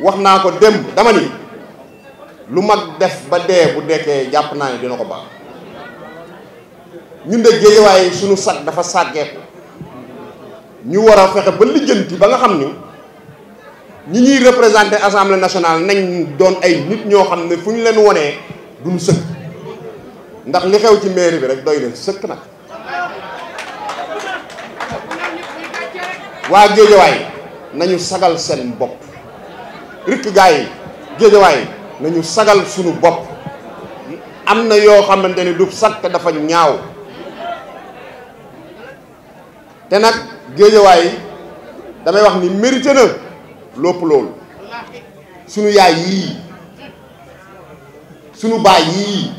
wax naa ko démb dama ni lu mag def ba dee bu dekkee jàpp naa ne dina ko baax ñu de Géejawaay suñu sag dafa sàggeeku ñu war a fexe ba lijjanti ba nga xam ñu ñi ñuy représenté assemblée nationale nañ doon ay nit ñoo xam ne fu ñu leen wonee duñu sëkk ndax li xew ci mairie bi rek doy leen sëkk nag waa Géejawaay nañu sagal seen bopp rikk gaa yi géejawaay nañu sagal sunu bopp am na yoo xamante ni du sag te dafa ñaaw te nag géejawaay damay wax ni mérité na lopp loolu suñu yaay yii suñu baay yii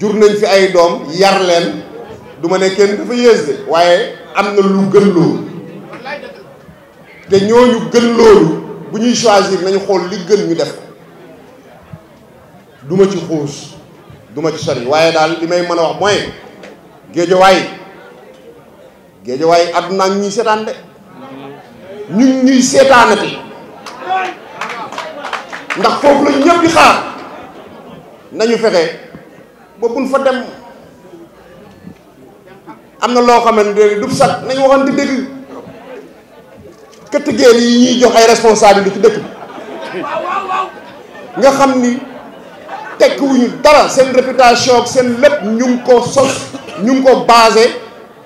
jur nañ fi ay doom yar leen duma ma ne kenn dafa yées de waaye am na lu gën loolu te ñooñu gën loolu bu ñuy choisir nañu xool li gën ñu def ko du ci xuus duma ma ci sori waaye daal li may mën a wax mooy géejowaay géejowaay àdduna ak ñuy seetaan de ñun ñuy seetaanati ndax foofu la ñëpp xaar nañu fexe ba buñ fa dem am na loo xamante ne du sat nañu waxante dëgg. këttëgéer yi ñuy jox ay responsabilité ci dëkk nga xam ni tekkiwuñu dara seen réputation ak seen lépp ñu ngi ko sos ñu ngi ko basé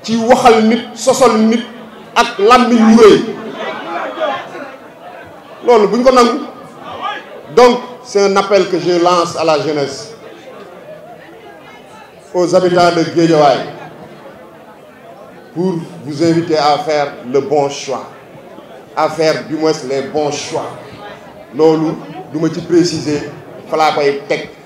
ci waxal nit sosal nit ak làmmiñ wu rëy loolu bu ñu ko nangu donc c'est un appel que je lance à la jeunesse aux habitants de Guédiawaye pour vous inviter à faire le bon choix à faire du moins les bons choix loolu du ma ci préciser fa laa koy teg